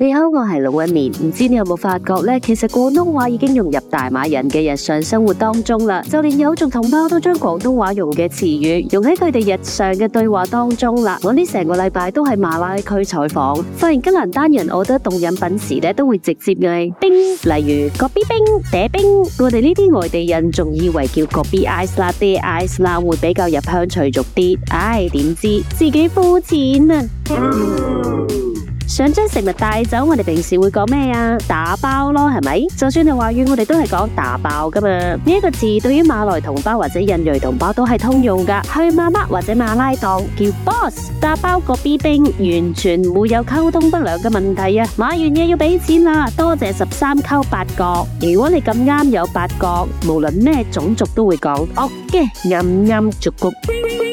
你好，我係龍紋敏。唔知你有冇發覺呢？其實廣東話已經融入大馬人嘅日常生活當中啦，就連友族同胞都將廣東話用嘅詞語用喺佢哋日常嘅對話當中啦。我呢成個禮拜都喺馬拉區採訪，發現吉蘭丹人，我哋凍飲品時咧都會直接嗌冰，例如 kopi 冰嗲冰。我哋呢啲外地人仲以為叫 kopi ice 啦，嗲 ice 啦會比較入鄉隨俗啲，唉，點、哎、知自己膚淺啊！嗯想將食物帶走，我哋平時會講咩啊？打包咯，係咪？就算你華語，我哋都係講打包噶嘛。呢、這，一個字對於馬來同胞或者印裔同胞都係通用噶。去媽媽或者馬拉檔叫 boss，打包個 b 冰，完全沒有溝通不良嘅問題啊！買完嘢要俾錢啦，多謝十三扣八角。如果你咁啱有八角，無論咩種族都會講。嘅、okay, 嗯嗯，啱啱足夠。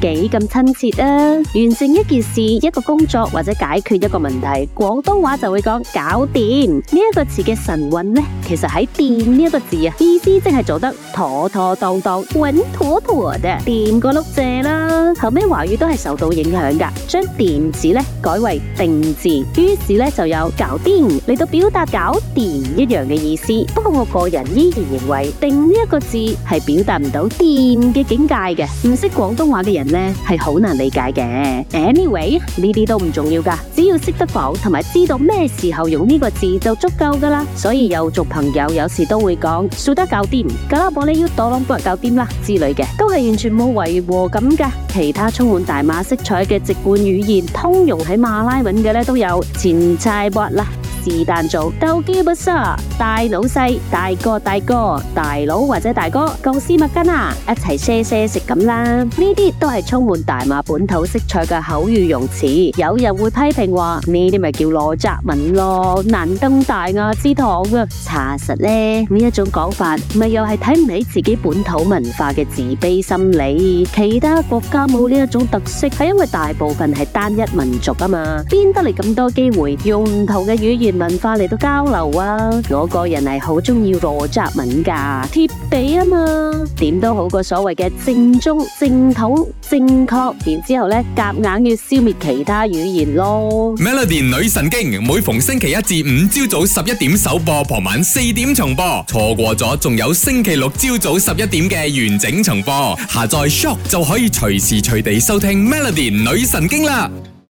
幾咁親切啊！完成一件事、一個工作或者解決一個問題，廣東話就會講搞掂。呢一、這個詞嘅神韻呢，其實喺掂呢一個字啊，意思即係做得妥妥當當、穩妥妥嘅。掂過碌蔗啦，後尾華語都係受到影響㗎，將掂字呢，改為定字，於是呢就有搞掂嚟到表達搞掂一樣嘅意思。不過我個人依然認為定呢一、這個字係表達唔到掂嘅境界嘅。唔識廣東話嘅人，咧係好難理解嘅。Anyway，呢啲都唔重要㗎，只要識得講同埋知道咩時候用呢個字就足夠㗎啦。所以友族朋友有時都會講數得搞掂，卡拉幫你腰墮攏骨搞掂啦之類嘅，都係完全冇違和感㗎。其他充滿大馬色彩嘅直觀語言，通用喺馬來文嘅咧都有，前菜不啦。自彈做斗基不殺，大老細、大哥、大哥、大佬或者大哥，公司密根啊，一齊賒賒食咁啦。呢啲都係充滿大馬本土色彩嘅口語用詞。有人會批評話呢啲咪叫羅雜文咯，難登大雅之堂嘅。查實呢，呢一種講法咪又係睇唔起自己本土文化嘅自卑心理。其他國家冇呢一種特色係因為大部分係單一民族啊嘛，邊得嚟，咁多機會用唔同嘅語言？文化嚟到交流啊！我個人係好中意羅雜文噶，貼地啊嘛，點都好過所謂嘅正宗、正統、正確。然之後咧，夾硬要消滅其他語言咯。Melody 女神經，每逢星期一至五朝早十一點首播，傍晚四點重播。錯過咗，仲有星期六朝早十一點嘅完整重播。下載 shop 就可以隨時隨地收聽 Melody 女神經啦。